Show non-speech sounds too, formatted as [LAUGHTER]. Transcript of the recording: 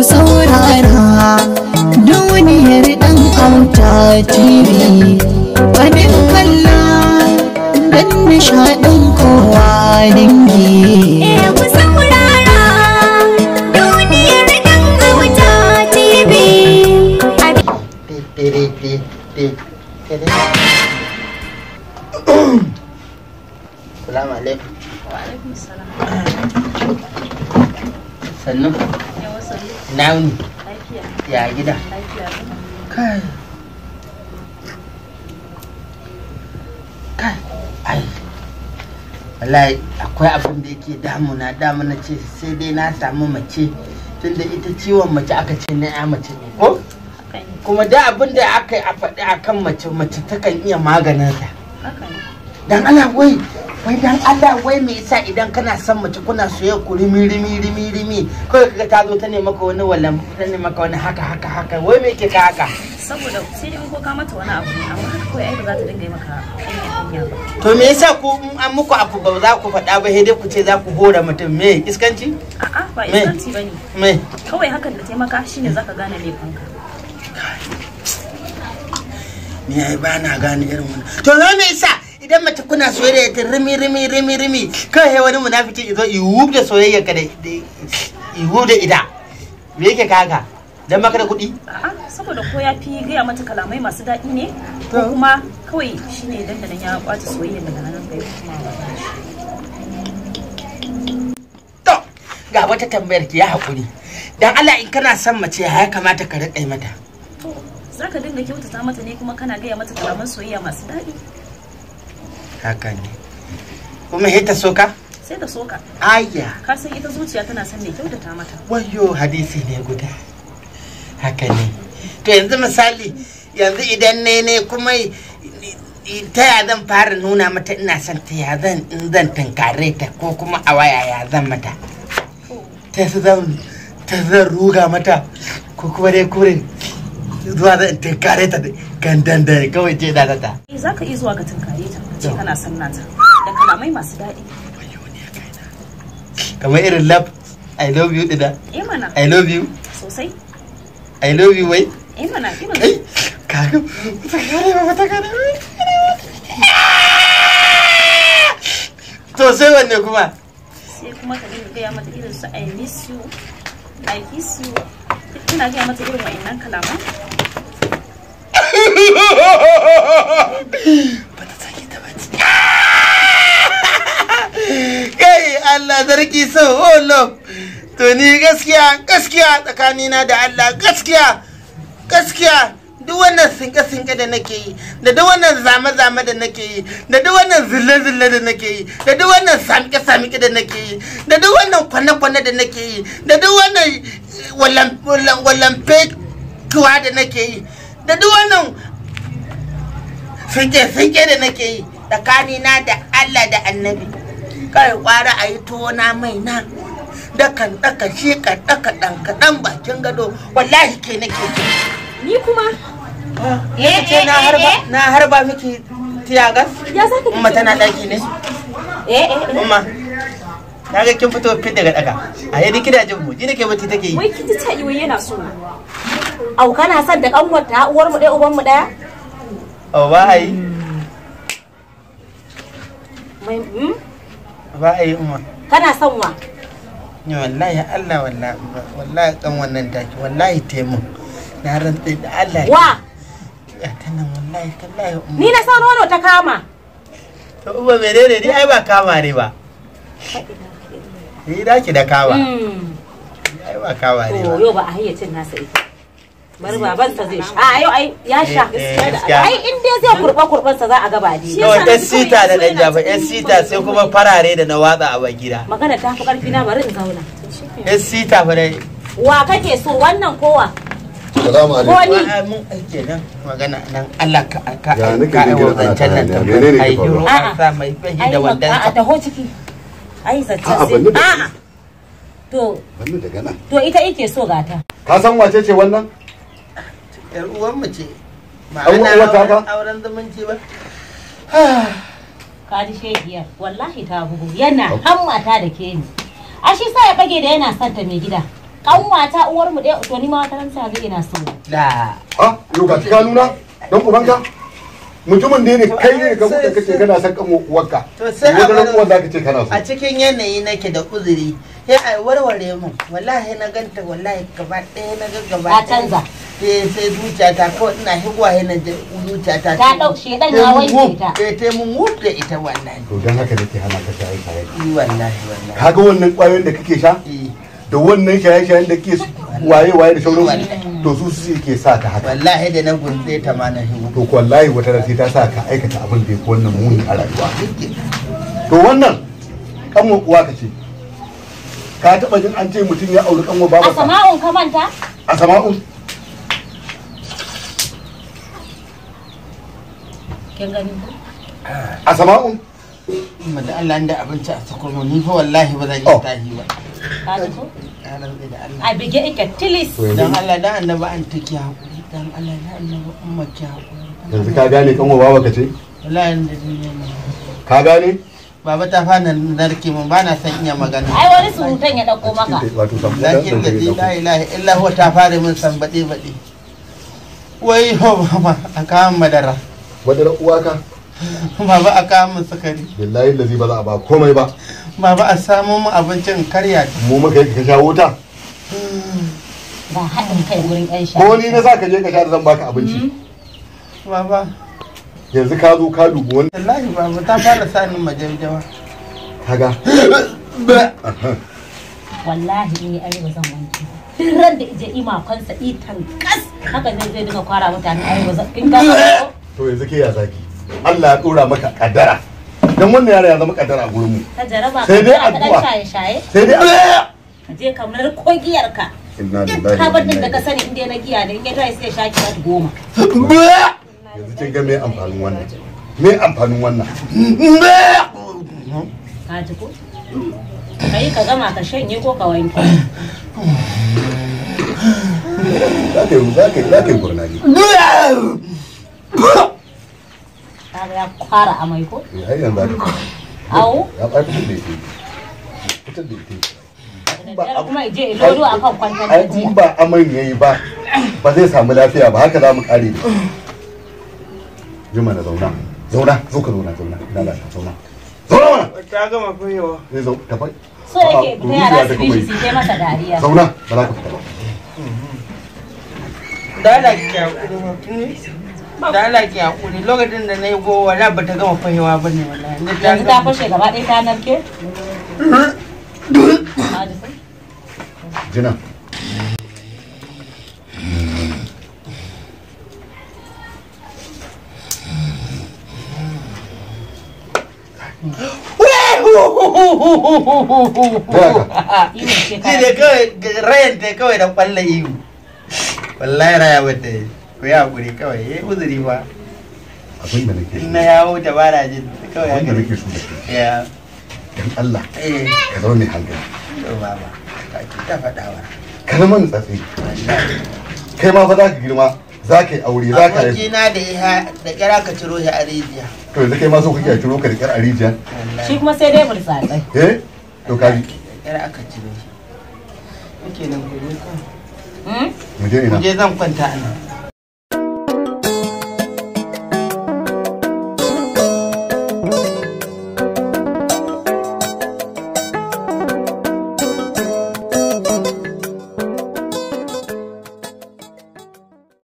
ku saurara duniyar ɗan auta tv faɗin kalla dan nishaɗin kowa dangi Thank eh, you. ina ya gida kai kai ai wallahi akwai abin da yake damuna na ce sai dai na samu mace tunda ita ciwon mace aka ce na ya mace ne ko kuma da abin da aka yi a faɗi akan mace mace kan iya maganin sa dan Allah wai wai dan Allah wai me yasa idan kana son mace kuna soyayya ku rimi rimi rimi rimi kai kaga ta zo ta nema ka wani wallan ta nema ka wani haka haka haka wai me yake ka haka saboda sai dai ko ka mata wani abu amma haka kai ai ba za ta dinga yi maka to me yasa ku in an muku abu ba za ku faɗa ba sai dai ku ce za ku hora mutum me iskanci a'a ba iskanci bane me kawai hakan da taimaka shine zaka gane laifinka ni ai ba na gane irin wannan to me yasa idan mace kuna soyayya ta rimi rimi rimi rimi kan sai wani munafiki izo wub da soyayya ka da wub da ida me yake kaga dan maka da kuɗi saboda ko ya fi gaya mata kalamai masu daɗi ne ko kuma kawai shine dandanan ya kwata soyayya daga nan bai kuma to ga wata tambayar ki ya hakuri dan Allah in kana son mace ya kamata ka rika mata to zaka dinga kyautata mata ne kuma kana gaya mata kalaman soyayya masu daɗi haka ne kuma ta soka sai ta soka ayya ka san ita zuciya tana son ne kyautata mata wayo hadisi ne guda haka ne to yanzu misali yanzu idan ne ne kuma ta ya zan fara nuna mata ina son ta ya zan in zan tunkare ta ko kuma a waya ya zan mata ta su zan ta zan ruga mata ko kuma dai kure zuwa zan tunkare ta dai gandan da kawai ce da ta eh zaka iya zuwa ga tunkare ta ce kana son nata da kalamai masu daɗi kamar irin lab i love you dida eh mana i love you sosai i love you wai eh mana eh, kai kaga ta kare ba ta kare to sai wanne kuma sai kuma ka dinga gaya mata irin su i miss you i kiss you kina gaya mata irin wa'annan kalaman bata sake ta kai Allah sarki so oh, to ni gaskiya gaskiya tsakanina da Allah gaskiya gaskiya duk wannan sinke-sinke da nake yi da duk wannan da nake yi da duk wannan zille-zille da nake yi da duk wannan da nake yi da duk wannan kwane-kwane da nake yi da duk wannan kuwa da nake yi da duk wannan sike sike da nake yi tsakani na da Allah da annabi kai kwara a yi tuwo na mai na kan daka shi kan daka dan kadan bakin gado wallahi ke nake ji ni kuma eh ah, ce na harba eh, eh, eh. na harba miki tiyaga ya zaka umma tana daki ne eh eh umma na ga kin fito fit daga daga a yi diki da mu ji nake mutu take yi wai kin ta yi wai yana so au kana san da kanwar ta uwar mu dai uban mu daya wahayi wahayi hmm? umma kana son wa ni wallahi Allah wallahi wallahi kan wannan taki wallahi taimu na rantsa da Allah wa ya tana wallahi tallahi umma ni na san nono ta kama to umma menene ni ai ba kama ne ba ni da ki da kama hmm. ai ba kama ne ba yau ba a hayyacin nasa ita bari babansa zai sha a ai ya eh, sha eh, ai in dai zai kurba kurbansa za a ga ba dai sita da dan jafa sita sai kuma farare da na watsa a bagida magana ta fi karfi na bari in zauna yan sita fa dai wa kake so wannan kowa Salamu alaikum. Mun nan magana nan Allah ka ka ka ai wancan nan ta ai duro an sa mai fahimta da wannan a taho ciki ai to to ita ike so gata ka san wace ce wannan yar uwan mu ce ma'ana auren zumunci ba [SIGHS] kaji shegiyar wallahi ta bugu yana hammata da ke ni a shi sa ya bage da yana santa mai gida kanwata uwar mu ɗaya to ni ma wata ranta zai ina so la ah yo ga ka nuna dan ubanka mutumin da ne kai ne ka buɗe kace kana son kan uwarka to sai a ran uwar zaka ce kana so a cikin yanayi nake da uzuri sai ai warware mun wallahi na ganta wallahi gaba ɗaya na ga gaba ta canza sai sai zuciyata kawai ina higwa yana da zuciyata ta dau dan ya wanke ta eh ta mun da ita wallahi to dan haka nake hana ka shaye shaye eh, wallahi wallahi kaga wannan kwayoyin da kake sha eh. da wannan shaye shayen da kake waye waye da sauran to su su ke sa ka haka wallahi da nan gunde ta ma na higwa to wallahi wata ran sai ta sa ka aikata abin da yake wannan muni a rayuwa to wannan kanwa uwa ka ce ka taba jin an ce mutum ya auri kanwa babarsa a sama'un ka manta a sama'un a sama'un da Allah inda abinci a ni fa wallahi ba zan oh. tahi ba ka a bige tilis Allah an Allah ki yanzu ka gane kan baba ce wallahi da duniya ka gane Baba ta fana narke mun bana san iya magana. Ai wani surutan ya dauko maka. Lakin da ji la ilaha illa ta fara mun san bade bade. Wai ho mama a kawo madara. madarar uwaka baba a kawo sukari billahi lazi ba za a ba komai ba baba a samo mu abincin karya mu muka yi ka shawo ta ba hmm. haɗin kai wurin ƴan sha ko ni na za ka je ka sha da zan baka abinci hmm. baba yanzu ka zo ka dubi wani wallahi baba ta fara sani majaujawa kaga wallahi in yi arewa zan wanke duk ran da ije ima kansa itan kas haka zai zai dinga kwara mutane arewa zan in ka to yanzu ke ya zaki Allah ya dora maka kaddara dan wannan yaro ya zama kaddara a gurin mu sai dai addu'a sai dai Allah je kamar ko giyar ka inna lillahi ka bar da ka sani inda na giya ne in ya tayi sai shaki ta goma yanzu kin ga me amfanin wannan me amfanin wannan ka ji ko kai ka gama ka shanye ko ka wanke za ka yi za ka kaga ya fara amai ko eh, ya yi yanzu awo ya fara fitar da ita fitar da ita kuma je lodo akan kwantar da ita in ba aman yayi ba ba zai samu lafiya ba haka za mu kare da juma na zauna zauna zo ka zauna zauna ina lafiya zauna zauna mana ta gama fayewa zai eh, zo ta so yake fita yara su bi shi masa dariya zauna ba za ka fita ba dala ki kya kudu da Allah a hakuri lokacin da na yi gowa wala ba ta gama fahiwa ba ne wallahi ne ta fashe gaba ɗaya ta narke jina [LAUGHS] Shi ne kawai rayan kawai da kwallon iyo. Wallahi raya wata yi. ku yi hakuri kawai ya eh, yi uzuri ba abin da nake na yawo da ba na jin kawai abin da nake so da ya dan Allah eh. ka zama mai hankali to baba ka ki ta faɗawa kalman tsatsi kai ma fa za ka girma za ka yi aure za ka yi abokina da ya da kira ka ciro shi a rijiya to yanzu kai ma so kake a ciro ka da kyar a rijiya shi kuma sai dai burtsa tsai eh to ka bi kyar aka ciro shi yake gobe ka mu je ina mu je zan kwanta a nan